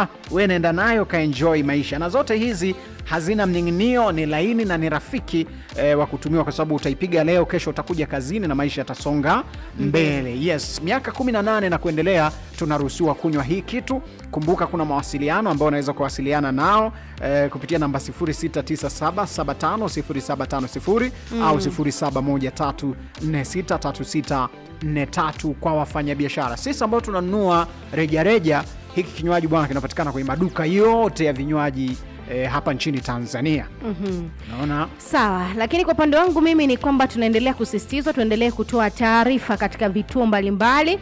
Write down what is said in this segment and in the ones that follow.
ama we naenda nayo kaenjoi maisha, na zote hizi hazina mning'inio, ni laini na ni rafiki eh, wa kutumiwa kwa sababu utaipiga leo, kesho utakuja kazini na maisha yatasonga mbele. Mm-hmm. Yes, miaka 18 na kuendelea tunaruhusiwa kunywa hii kitu. Kumbuka kuna mawasiliano ambayo unaweza kuwasiliana nao eh, kupitia namba 0697750750 mm, au 0713463643 kwa wafanyabiashara sisi ambao tunanunua rejareja hiki kinywaji bwana kinapatikana kwenye maduka yote ya vinywaji E, hapa nchini Tanzania. mm -hmm. Naona sawa, lakini kwa upande wangu mimi ni kwamba tunaendelea kusisitizwa, tuendelee kutoa taarifa katika vituo mbalimbali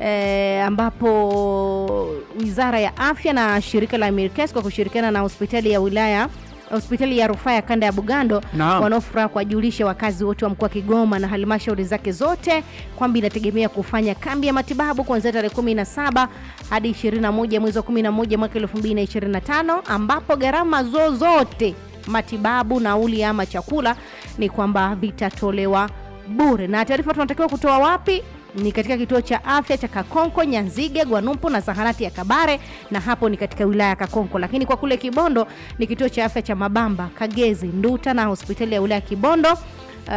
e, ambapo Wizara ya Afya na shirika la mirkes kwa kushirikiana na hospitali ya wilaya hospitali ya rufaa ya kanda ya Bugando wanaofuraha kuwajulisha wakazi wote wa mkoa wa Kigoma na halmashauri zake zote kwamba inategemea kufanya kambi ya matibabu kuanzia tarehe 17 hadi 21 mwezi wa 11 mwaka 2025 ambapo gharama zozote matibabu, nauli ama chakula ni kwamba vitatolewa bure. Na taarifa tunatakiwa kutoa wapi? ni katika kituo cha afya cha Kakonko, Nyanzige, Gwanumpu na zahanati ya Kabare, na hapo ni katika wilaya ya Kakonko. Lakini kwa kule Kibondo ni kituo cha afya cha Mabamba, Kagezi, Nduta na hospitali ya wilaya ya Kibondo. Uh,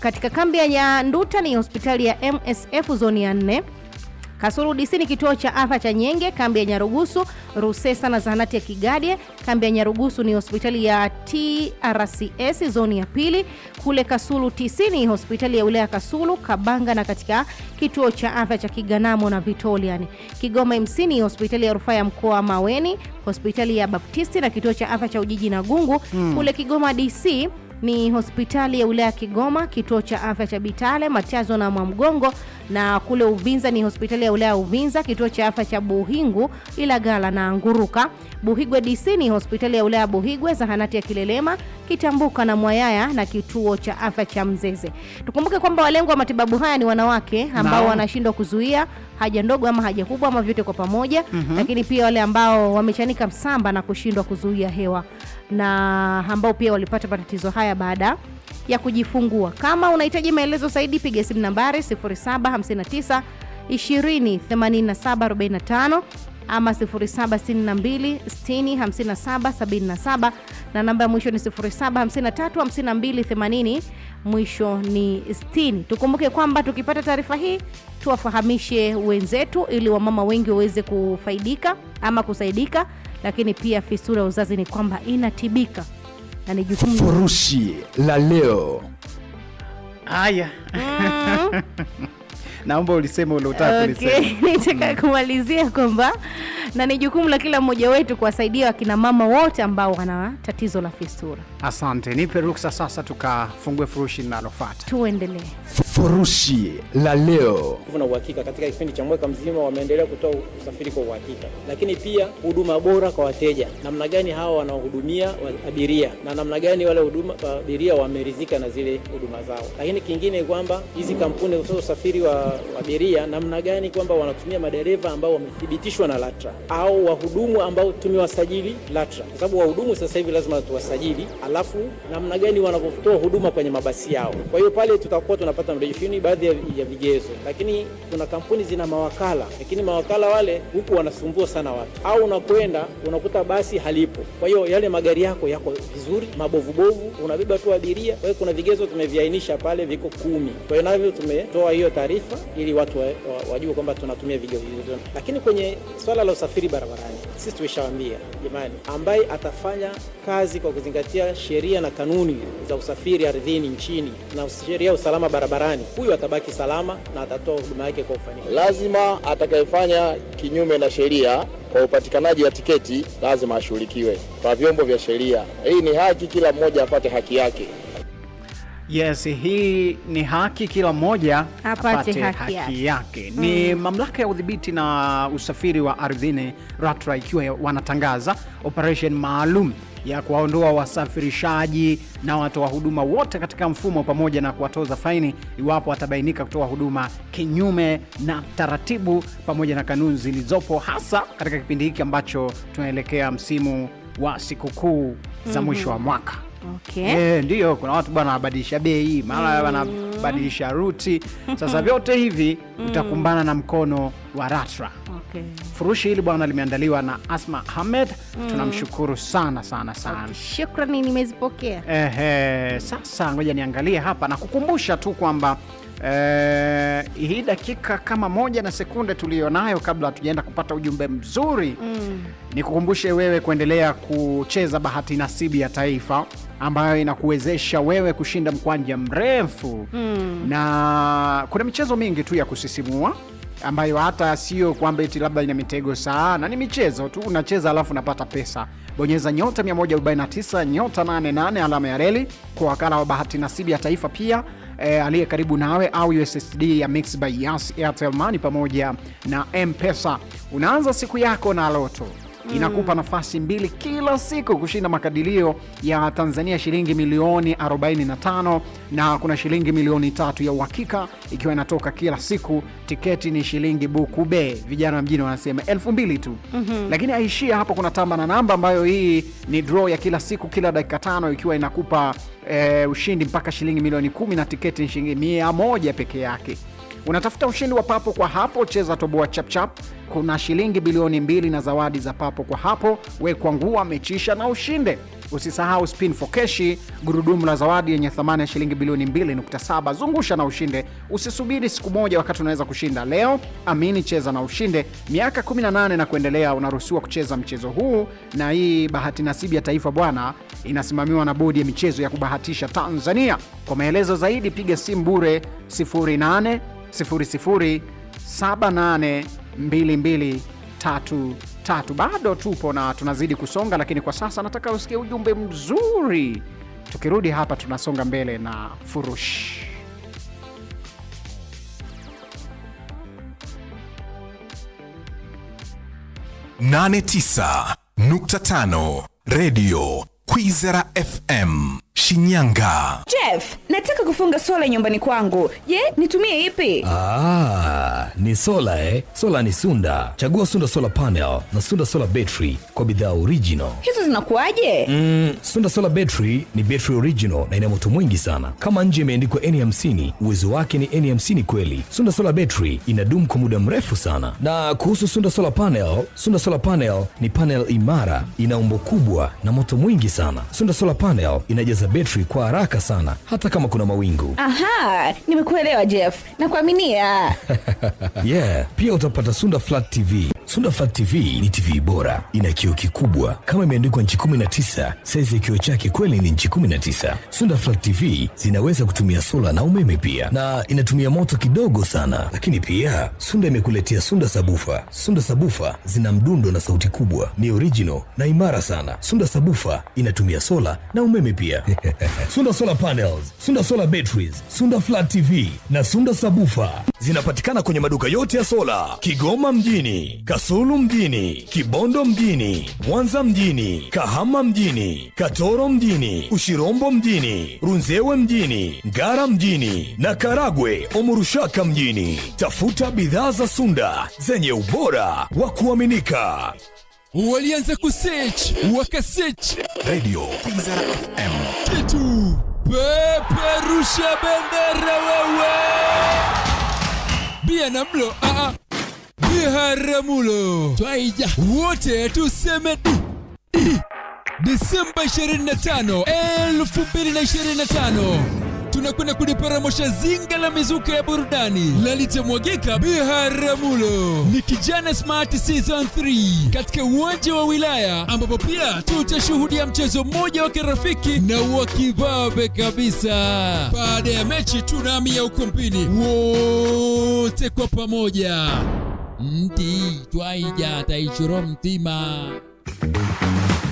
katika kambi ya Nduta ni hospitali ya MSF zoni ya nne Kasulu DC ni kituo cha afya cha Nyenge, kambi ya Nyarugusu, Rusesa na zahanati ya Kigadye. Kambi ya Nyarugusu ni hospitali ya TRCS zoni ya pili. Kule Kasulu TC ni hospitali ya wilaya Kasulu, Kabanga na katika kituo cha afya cha Kiganamo na Vitoliani. Kigoma MC ni hospitali ya rufaa ya mkoa Maweni, hospitali ya Baptisti na kituo cha afya cha Ujiji na Gungu. Hmm. Kule Kigoma DC ni hospitali ya wilaya ya Kigoma, kituo cha afya cha Bitale, Machazo na Mwamgongo, na kule Uvinza ni hospitali ya wilaya ya Uvinza, kituo cha afya cha Buhingu, Ilagala na Nguruka. Buhigwe DC ni hospitali ya wilaya ya Buhigwe, zahanati ya Kilelema, Kitambuka na Mwayaya na kituo cha afya cha Mzeze. Tukumbuke kwamba walengo wa matibabu haya ni wanawake ambao no. wanashindwa kuzuia haja ndogo ama haja kubwa ama vyote kwa pamoja mm -hmm. lakini pia wale ambao wamechanika msamba na kushindwa kuzuia hewa na ambao pia walipata matatizo haya baada ya kujifungua. Kama unahitaji maelezo zaidi, piga simu nambari 0759 ama 0762605777 na namba ya mwisho ni 0753 mwisho ni 60. Tukumbuke kwamba tukipata taarifa hii tuwafahamishe wenzetu ili wamama wengi waweze kufaidika ama kusaidika lakini pia fisura ya uzazi ni kwamba inatibika na ni jukumu. Furushi la leo haya. Mm-hmm. Naomba ulisema ule utaka Okay. Nitaka mm. kumalizia kwamba na ni jukumu la kila mmoja wetu kuwasaidia wakina mama wote ambao wana tatizo la fisura. Asante, nipe ruksa sasa tukafungue furushi linalofata tuendelee. Furushi la leo. Kuna uhakika katika kipindi cha mwaka mzima wameendelea kutoa usafiri kwa uhakika, lakini pia huduma bora kwa wateja, namna gani hawa wanaohudumia abiria na namna gani wale huduma abiria wameridhika na zile huduma zao. Lakini kingine kwamba hizi kampuni za usafiri wa abiria, namna gani kwamba wanatumia madereva ambao wamethibitishwa na LATRA au wahudumu ambao tumewasajili LATRA, kwa sababu wahudumu sasa hivi lazima tuwasajili, alafu namna gani wanavyotoa huduma kwenye mabasi yao. Kwa hiyo pale tutakuwa tunapata ni baadhi ya vigezo, lakini kuna kampuni zina mawakala, lakini mawakala wale huku wanasumbua sana watu, au unakwenda unakuta basi halipo. Kwa hiyo yale magari yako yako vizuri, mabovubovu, unabeba tu abiria. Kwa hiyo kuna vigezo tumeviainisha pale, viko kumi. Kwa hiyo navyo tumetoa hiyo taarifa ili watu wajue wa, kwamba tunatumia vigezo hivyo. Lakini kwenye swala la usafiri barabarani, sisi tumeshawaambia jamani, ambaye atafanya kazi kwa kuzingatia sheria na kanuni za usafiri ardhini nchini na sheria ya usalama barabarani gani, huyu atabaki salama na atatoa huduma yake kwa ufanisi. Lazima atakayefanya kinyume na sheria kwa upatikanaji wa tiketi lazima ashughulikiwe kwa vyombo vya sheria. Hii ni haki, kila mmoja apate haki yake. Yes, hii ni haki, kila mmoja apate haki, haki yake mm. Ni mamlaka ya udhibiti na usafiri wa ardhini, RATRA ikiwa wanatangaza operation maalum ya kuwaondoa wasafirishaji na watoa huduma wote katika mfumo pamoja na kuwatoza faini iwapo watabainika kutoa huduma kinyume na taratibu pamoja na kanuni zilizopo, hasa katika kipindi hiki ambacho tunaelekea msimu wa sikukuu za mhm. mwisho mm -hmm. wa mwaka. Okay. E, eh, ndiyo kuna watu bwana wanabadilisha bei mara mm. wanabadilisha ruti. Sasa vyote hivi utakumbana mm. na mkono wa ratra okay. Furushi hili bwana limeandaliwa na Asma hamed mm. Tunamshukuru sana sana sana okay. Shukrani, nimezipokea. Ehe, sasa ngoja niangalie hapa na kukumbusha tu kwamba Eh, hii dakika kama moja na sekunde tuliyonayo kabla hatujaenda kupata ujumbe mzuri mm. Ni kukumbushe wewe kuendelea kucheza bahati nasibu ya taifa ambayo inakuwezesha wewe kushinda mkwanja mrefu mm. Na kuna michezo mingi tu ya kusisimua ambayo hata sio kwamba eti labda ina mitego sana, ni michezo tu, unacheza alafu unapata pesa. Bonyeza nyota 149 nyota 88 alama ya reli kwa wakala wa bahati nasibu ya taifa pia E, aliye karibu nawe au USSD ya mix by Yas, airtelmani pamoja na mpesa Unaanza siku yako na Loto mm. inakupa nafasi mbili kila siku kushinda makadirio ya Tanzania shilingi milioni 45 na kuna shilingi milioni tatu ya uhakika ikiwa inatoka kila siku. Tiketi ni shilingi be, vijana mjini wanasema elfu mbili tu mm -hmm. Lakini aishia hapo, kuna tamba na namba ambayo hii ni draw ya kila siku, kila dakika tano, ikiwa inakupa e, ushindi mpaka shilingi milioni kumi na tiketi ni shilingi mia moja peke yake. Unatafuta ushindi wa papo kwa hapo? Cheza toboa chapchap. Kuna shilingi bilioni mbili na zawadi za papo kwa hapo. Wekwa ngua, mechisha na ushinde. Usisahau spin for keshi, gurudumu la zawadi yenye thamani ya shilingi bilioni 2.7. Zungusha na ushinde. Usisubiri siku moja wakati unaweza kushinda leo. Amini, cheza na ushinde. Miaka 18 na kuendelea unaruhusiwa kucheza mchezo huu, na hii bahati nasibu ya taifa bwana, inasimamiwa na bodi ya michezo ya kubahatisha Tanzania. Kwa maelezo zaidi, piga simu bure 08 00782233. Bado tupo na tunazidi kusonga, lakini kwa sasa nataka usikie ujumbe mzuri. Tukirudi hapa, tunasonga mbele na Furush. nane tisa nukta tano Radio Kwizera FM. Shinyanga. Jeff, nataka kufunga sola nyumbani kwangu. Je, nitumie ipi? Ah, ni sola eh. Sola ni Sunda. Chagua Sunda Solar Panel na Sunda Solar Battery kwa bidhaa original. Hizo zinakuaje? Mm, Sunda Solar Battery ni battery original na ina moto mwingi sana. Kama nje imeandikwa N50, e uwezo wake ni N50 e kweli. Sunda Solar Battery inadumu kwa muda mrefu sana. Na kuhusu Sunda Solar Panel, Sunda Solar Panel ni panel imara, ina umbo kubwa na moto mwingi sana. Sunda Solar Panel inajaza za betri kwa haraka sana hata kama kuna mawingu. Aha, nimekuelewa Jeff, nakuaminia. Yeah, pia utapata Sunda Flat TV. Sudafed TV ni TV bora, ina kioo kikubwa kama imeandikwa nchi 19. Saizi ya kioo chake kweli ni nchi 19. Sudafed TV zinaweza kutumia sola na umeme pia, na inatumia moto kidogo sana. Lakini pia Sunda imekuletea Sunda sabufa. Sunda sabufa zina mdundo na sauti kubwa, ni original na imara sana. Sunda sabufa inatumia sola na umeme pia. Sunda solar panels, Sunda solar batteries, Sunda flat TV na Sunda sabufa zinapatikana kwenye maduka yote ya sola Kigoma mjini. Kasulu mjini, Kibondo mjini, Mwanza mjini, Kahama mjini, Katoro mjini, Ushirombo mjini, Runzewe mjini, Ngara mjini na Karagwe Omurushaka mjini. Tafuta bidhaa za Sunda zenye ubora wa kuaminika. Walianza kusearch wakasearch Radio Kwizera FM kitu peperusha bendera wewe bia na mlo a ah, a ah. Biharamulo twaija wote tuseme Desemba 25, 2025 tunakwenda kuliparamosha zinga la mizuka ya burudani lalitemwagika Biharamulo ni Kijana Smart Season 3 katika uwanja wa wilaya, ambapo pia tutashuhudia mchezo mmoja wa kirafiki na wa kibabe kabisa. Baada ya mechi tunaamia ukumbini wote kwa pamoja mti chwaija taichuro mtima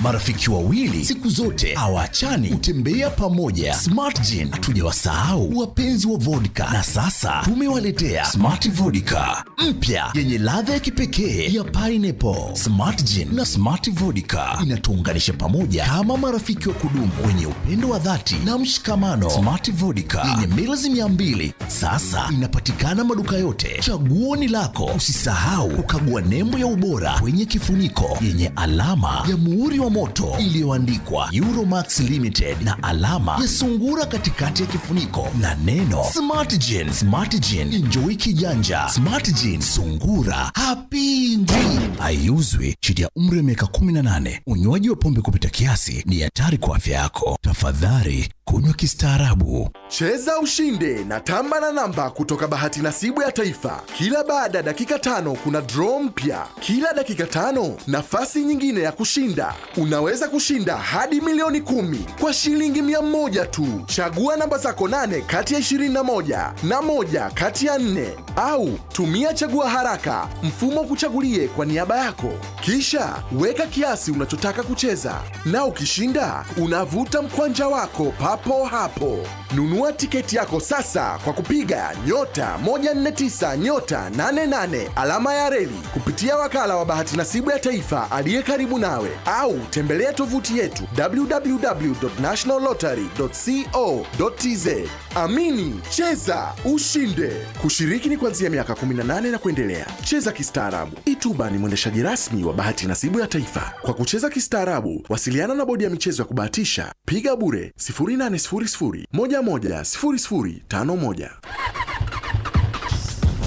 marafiki wawili siku zote hawachani, hutembea pamoja. Smart Gin hatujawasahau wapenzi wa vodka, na sasa tumewaletea Smart Vodka mpya yenye ladha ya kipekee ya pineapple. Smart Gin na Smart Vodka inatuunganisha pamoja kama marafiki wa kudumu wenye upendo wa dhati na mshikamano. Smart Vodka yenye mililita mia mbili sasa inapatikana maduka yote, chaguo ni lako. Usisahau kukagua nembo ya ubora kwenye kifuniko yenye alama ya muhuri wa moto iliyoandikwa Euromax Limited na alama ya sungura katikati ya kifuniko na neno Smart Smartgen, enjoy kijanja. Smartgen, sungura hapingwi. Haiuzwi chini ya umri wa miaka 18. Unywaji wa pombe kupita kiasi ni hatari kwa afya yako. Tafadhali kunywa kistaarabu. Cheza ushinde na tamba na namba kutoka bahati nasibu ya taifa. Kila baada ya dakika tano kuna draw mpya. Kila dakika tano nafasi nyingine ya kushinda unaweza kushinda hadi milioni kumi kwa shilingi mia moja tu. Chagua namba zako nane kati ya ishirini na moja na moja kati ya nne au tumia chagua haraka mfumo kuchagulie kwa niaba yako, kisha weka kiasi unachotaka kucheza, na ukishinda unavuta mkwanja wako papo hapo. Nunua tiketi yako sasa kwa kupiga nyota 149 nyota 88 alama ya reli kupitia wakala wa bahati nasibu ya taifa aliye karibu nawe, au tembelea tovuti yetu www.nationallottery.co.tz. Amini, cheza, ushinde. Kushiriki ni kuanzia miaka 18 na kuendelea. Cheza kistaarabu. Ituba ni mwendeshaji rasmi wa bahati nasibu ya taifa. Kwa kucheza kistaarabu, wasiliana na bodi ya michezo ya kubahatisha, piga bure 0800 moja, sifuri sifuri, tano moja.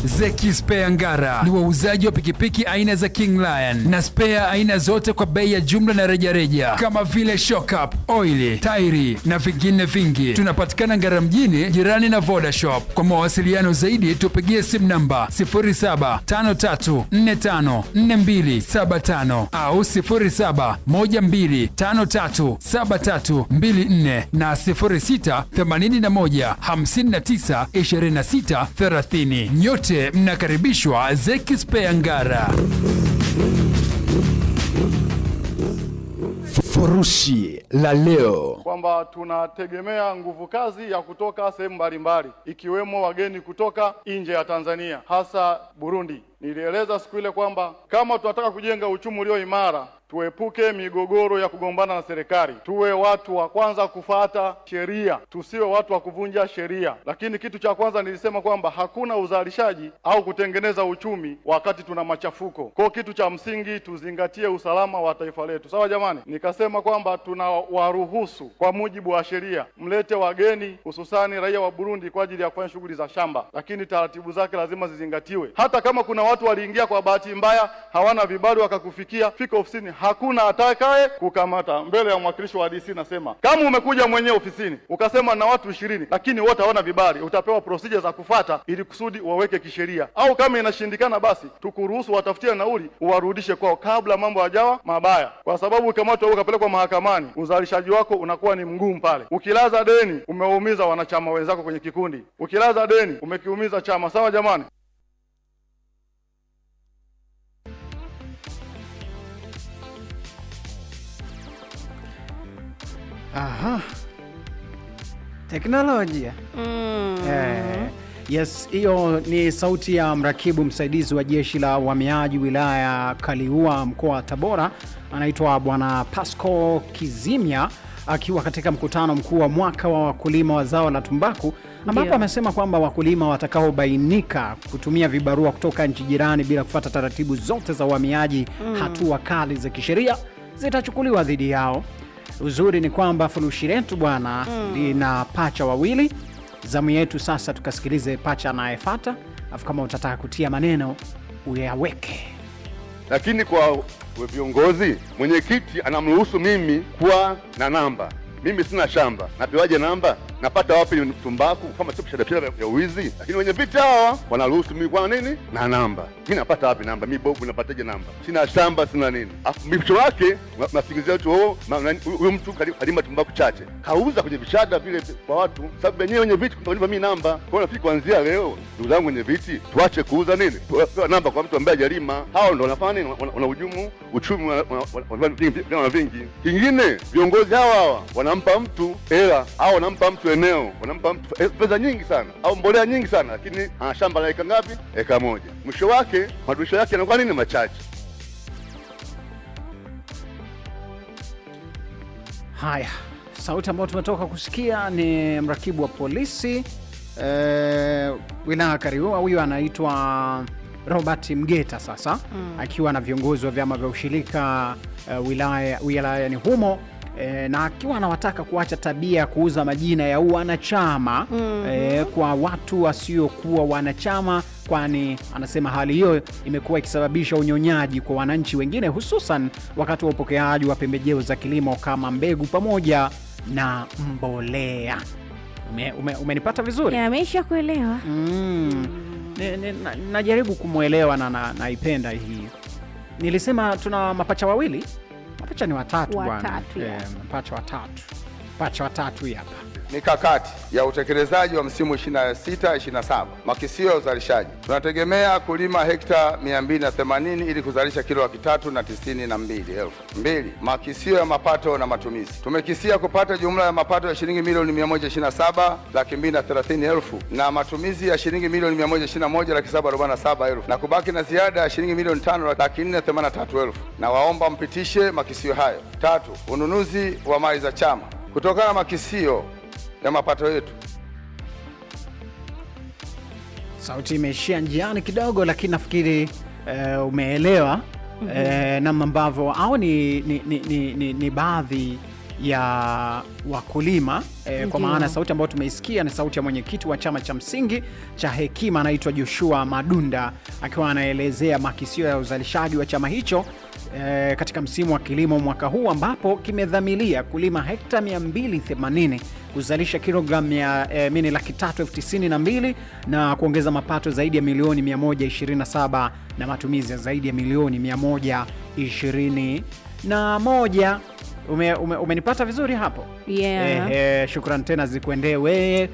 Zeki Spare Ngara ni wauzaji wa pikipiki aina za King Lion na spare aina zote kwa bei ya jumla na rejareja reja, kama vile shock up, oili, tairi na vingine vingi. Tunapatikana Ngara mjini jirani na Voda Shop. Kwa mawasiliano zaidi tupigie simu namba 0753454275 au 0712537324 na 0681592630. Nyote wote mnakaribishwa Zekispe Ngara. Furushi la leo kwamba tunategemea nguvu kazi ya kutoka sehemu mbalimbali ikiwemo wageni kutoka nje ya Tanzania hasa Burundi. Nilieleza siku ile kwamba kama tunataka kujenga uchumi ulio imara Tuepuke migogoro ya kugombana na serikali, tuwe watu wa kwanza kufata sheria, tusiwe watu wa kuvunja sheria. Lakini kitu cha kwanza nilisema kwamba hakuna uzalishaji au kutengeneza uchumi wakati tuna machafuko. Kwa kitu cha msingi tuzingatie usalama wa taifa letu, sawa jamani? Nikasema kwamba tunawaruhusu kwa mujibu wa sheria, mlete wageni, hususani raia wa Burundi kwa ajili ya kufanya shughuli za shamba, lakini taratibu zake lazima zizingatiwe. Hata kama kuna watu waliingia kwa bahati mbaya, hawana vibali, wakakufikia, fika ofisini hakuna atakaye kukamata. Mbele ya mwakilishi wa DC nasema kama umekuja mwenyewe ofisini ukasema na watu ishirini, lakini wote hawana vibali, utapewa procedure za kufata ili kusudi waweke kisheria, au kama inashindikana, basi tukuruhusu watafutie nauli uwarudishe kwao kabla mambo hajawa mabaya, kwa sababu ukamatwa ukapelekwa mahakamani, uzalishaji wako unakuwa ni mgumu pale. Ukilaza deni umeumiza wanachama wenzako kwenye kikundi, ukilaza deni umekiumiza chama. Sawa jamani. Aha. Teknolojia. Mm. Eh. Yes, hiyo ni sauti ya mrakibu msaidizi wa jeshi la uhamiaji wilaya ya Kaliua mkoa wa Tabora, anaitwa Bwana Pasco Kizimya akiwa katika mkutano mkuu wa mwaka wa wakulima wa zao la tumbaku ambapo amesema kwamba wakulima watakaobainika kutumia vibarua kutoka nchi jirani bila kufuata taratibu zote za uhamiaji, mm. hatua kali za kisheria zitachukuliwa dhidi yao. Uzuri ni kwamba furushi letu bwana mm. lina pacha wawili. Zamu yetu sasa tukasikilize pacha anayefata alafu kama utataka kutia maneno uyaweke. Lakini kwa viongozi, mwenyekiti anamruhusu mimi kuwa na namba. Mimi sina shamba, napewaje namba? napata wapi tumbaku kama sio biashara ya uwizi? Lakini wenye vita hawa wanaruhusu mimi kwa nini na namba, mi napata wapi namba? Mi bogu napataje namba? Sina shamba sina nini, afu mwisho wake nasikilizia watu, huyo mtu kalima tumbaku chache, kauza kwenye vishada vile kwa watu, sababu wenyewe wenye viti kunipa mimi namba. Kwa nafikiri kuanzia leo, ndugu zangu wenye viti, tuache kuuza nini, pewa namba kwa mtu ambaye hajalima. Hao ndo wanafanya nini, wanahujumu uchumi wana vingi kingine. Viongozi hawa hawa wanampa mtu hela au wanampa mtu eneo, wanampa eh, pesa nyingi sana au mbolea nyingi sana, lakini ana ah, shamba la eka ngapi? Eka moja. Mwisho wake madirisho yake yanakuwa nini? Machache. Haya, sauti ambayo tumetoka kusikia ni mrakibu wa polisi eh, wilaya Kariua. Huyu anaitwa Robert Mgeta sasa mm. akiwa na viongozi wa vyama vya ushirika uh, wilaya wilayani humo e, na akiwa anawataka kuacha tabia ya kuuza majina ya wanachama mm -hmm. e, kwa watu wasiokuwa wanachama, kwani anasema hali hiyo imekuwa ikisababisha unyonyaji kwa wananchi wengine, hususan wakati wa upokeaji wa pembejeo za kilimo kama mbegu pamoja na mbolea. Umenipata ume, ume vizuri? Ameisha kuelewa. mm. mm. Najaribu na, na kumwelewa na naipenda na hii. Nilisema tuna mapacha wawili Pacha ni watatu bwana. Eh, pacha watatu. Pacha watatu hapa mikakati ya utekelezaji wa msimu 26 27 makisio ya uzalishaji. Tunategemea kulima hekta 280 ili kuzalisha kilo laki tatu na tisini na mbili elfu mbili. Makisio ya mapato na matumizi, tumekisia kupata jumla ya mapato ya shilingi milioni 127 laki mbili na thelathini elfu na matumizi ya shilingi milioni 121 laki saba arobaini na saba elfu na kubaki na ziada ya shilingi milioni 5 laki nne themanini na tatu elfu na waomba mpitishe makisio hayo. Tatu, ununuzi wa mali za chama kutokana na makisio ya mapato yetu. Sauti imeishia njiani kidogo, lakini nafikiri uh, umeelewa mm -hmm. uh, namna ambavyo au ni, ni, ni, ni, ni, ni baadhi ya wakulima eh, kwa maana sauti ambayo tumeisikia ni sauti ya mwenyekiti wa chama cha msingi cha Hekima, anaitwa Joshua Madunda akiwa anaelezea makisio ya uzalishaji wa chama hicho eh, katika msimu wa kilimo mwaka huu ambapo kimedhamilia kulima hekta 280 kuzalisha kilogramu ya eh, mini laki tatu elfu tisini na mbili na kuongeza mapato zaidi ya milioni 127 na matumizi ya zaidi ya milioni 120 na moja. Ume, ume, umenipata vizuri hapo yeah. Eh, eh, shukran tena zikuendee wewe.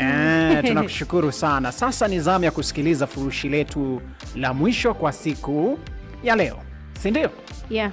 eh, tunakushukuru sana. Sasa ni zamu ya kusikiliza furushi letu la mwisho kwa siku ya leo si ndio? Yeah.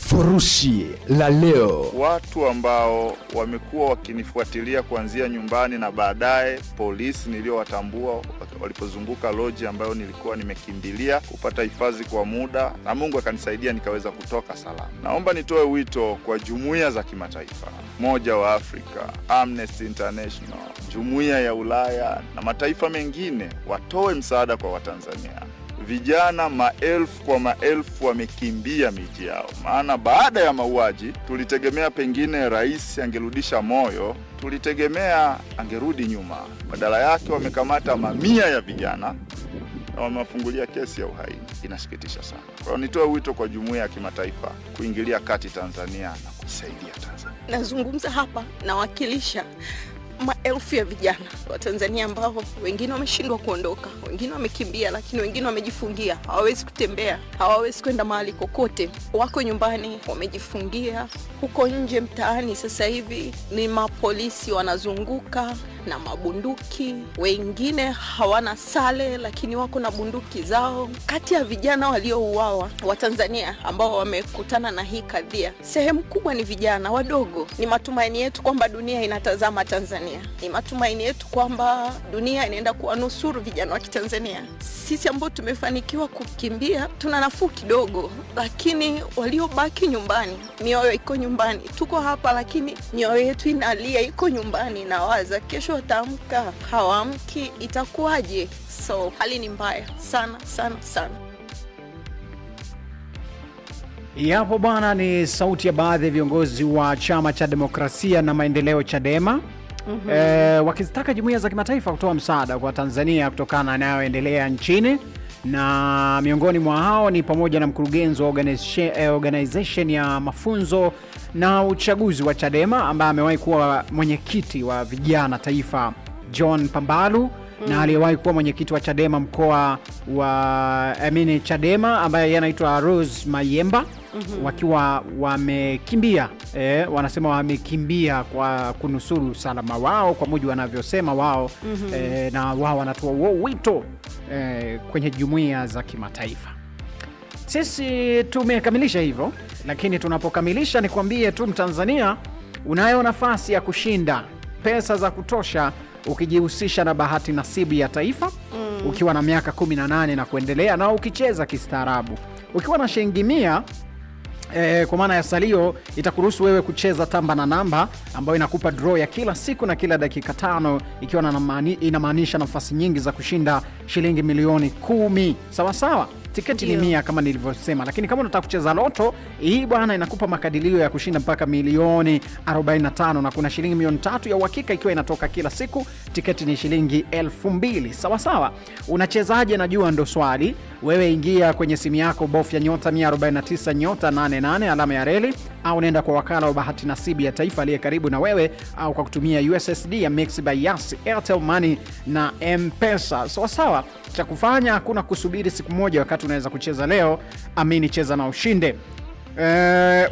Furushi la leo, watu ambao wamekuwa wakinifuatilia kuanzia nyumbani na baadaye polisi niliyowatambua walipozunguka loji ambayo nilikuwa nimekimbilia kupata hifadhi kwa muda, na Mungu akanisaidia nikaweza kutoka salama. Naomba nitoe wito kwa jumuiya za kimataifa, moja wa Afrika, Amnesty International, Jumuiya ya Ulaya na mataifa mengine watoe msaada kwa Watanzania vijana maelfu kwa maelfu wamekimbia miji yao, maana baada ya mauaji tulitegemea pengine rais angerudisha moyo, tulitegemea angerudi nyuma. Badala yake wamekamata mamia ya vijana na wamewafungulia kesi ya uhaini. Inasikitisha sana. Kwa hiyo nitoe wito kwa jumuiya ya kimataifa kuingilia kati Tanzania na kusaidia Tanzania. Nazungumza hapa nawakilisha maelfu ya vijana wa Tanzania ambao wengine wameshindwa kuondoka, wengine wamekimbia, lakini wengine wamejifungia, hawawezi kutembea, hawawezi kwenda mahali kokote, wako nyumbani, wamejifungia. Huko nje mtaani sasa hivi ni mapolisi wanazunguka na mabunduki, wengine hawana sale lakini wako na bunduki zao. Kati ya vijana waliouawa wa Tanzania ambao wamekutana na hii kadhia, sehemu kubwa ni vijana wadogo. Ni matumaini yetu kwamba dunia inatazama Tanzania, ni matumaini yetu kwamba dunia inaenda kuwanusuru vijana wa Kitanzania. Sisi ambao tumefanikiwa kukimbia tuna nafuu kidogo, lakini waliobaki nyumbani, mioyo iko nyumbani. Tuko hapa, lakini mioyo yetu inalia, iko nyumbani, nawaza kesho wasiotamka hawaamki, itakuwaje? So hali ni mbaya sana sana sana. Yapo bwana, ni sauti ya baadhi ya viongozi wa chama cha demokrasia na maendeleo Chadema. Mm -hmm. E, wakizitaka jumuiya za kimataifa kutoa msaada kwa Tanzania kutokana na yanayoendelea nchini na miongoni mwa hao ni pamoja na mkurugenzi wa eh, organization ya mafunzo na uchaguzi wa Chadema ambaye amewahi kuwa mwenyekiti wa vijana taifa John Pambalu Mm. na aliyewahi kuwa mwenyekiti wa Chadema mkoa wa I mean, Chadema ambaye yeye anaitwa Rose Mayemba mm -hmm. wakiwa wamekimbia eh, wanasema wamekimbia kwa kunusuru usalama wao kwa mujibu wanavyosema wao mm -hmm. eh, na wao wanatoa huo wito eh, kwenye jumuiya za kimataifa. Sisi tumekamilisha hivyo, lakini tunapokamilisha nikwambie tu Mtanzania unayo nafasi ya kushinda pesa za kutosha ukijihusisha na bahati nasibu ya taifa mm. ukiwa na miaka 18 na kuendelea na ukicheza kistaarabu ukiwa na shilingi mia Eh, kwa maana ya salio itakuruhusu wewe kucheza tamba na namba ambayo inakupa draw ya kila siku na kila dakika tano, ikiwa inamaanisha nafasi nyingi za kushinda shilingi milioni kumi. sawasawa sawa tiketi ni mia kama nilivyosema, lakini kama unataka kucheza loto hii bwana, inakupa makadirio ya kushinda mpaka milioni 45 na kuna shilingi milioni tatu ya uhakika ikiwa inatoka kila siku. Tiketi ni shilingi elfu mbili sawasawa. Unachezaje? Najua ndo swali wewe ingia kwenye simu yako, bofya nyota 149 nyota 88 alama ya reli, au nenda kwa wakala wa bahati nasibu ya taifa aliye karibu na wewe, au kwa kutumia USSD ya mix by Yas, Airtel Money na mpesa sawasawa sawa, cha kufanya hakuna kusubiri siku moja, wakati unaweza kucheza leo. Amini, cheza na ushinde. Uh,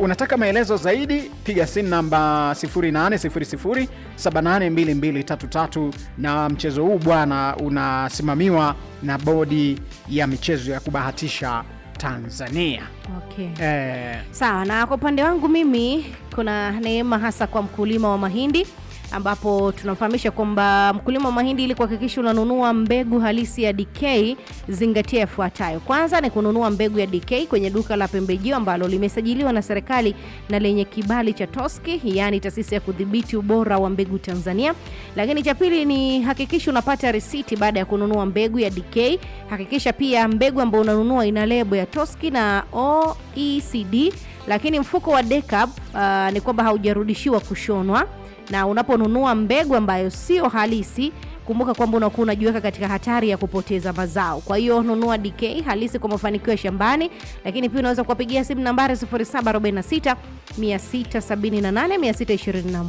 unataka maelezo zaidi piga simu namba 0800782233 na mchezo huu bwana unasimamiwa na bodi ya michezo ya kubahatisha Tanzania. Okay. E, sawa na kwa upande wangu mimi kuna neema hasa kwa mkulima wa mahindi ambapo tunafahamisha kwamba mkulima wa mahindi, ili kuhakikisha unanunua mbegu halisi ya DK, zingatia yafuatayo. Kwanza ni kununua mbegu ya DK kwenye duka la pembejeo ambalo limesajiliwa na serikali na lenye kibali cha TOSKI, yaani taasisi ya kudhibiti ubora wa mbegu Tanzania. Lakini cha pili ni hakikisha unapata risiti baada ya kununua mbegu ya DK. Hakikisha pia mbegu ambayo unanunua ina lebo ya TOSKI na OECD. Lakini mfuko wa DECAP uh, ni kwamba haujarudishiwa kushonwa na unaponunua mbegu ambayo sio halisi kumbuka kwamba unakuwa unajiweka katika hatari ya kupoteza mazao. Kwa hiyo nunua DK halisi kwa mafanikio ya shambani, lakini pia unaweza kuwapigia simu nambari 0746 678 621.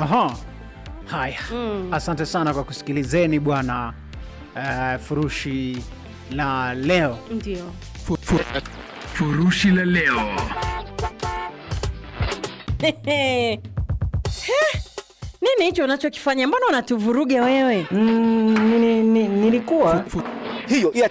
Aha. Haya. Mm. Asante sana kwa kusikilizeni bwana. Uh, furushi la leo. Ndio. Furushi la leo. Nini hicho unachokifanya? Mbona unatuvuruge wewe? Mm, nilikuwa hiyo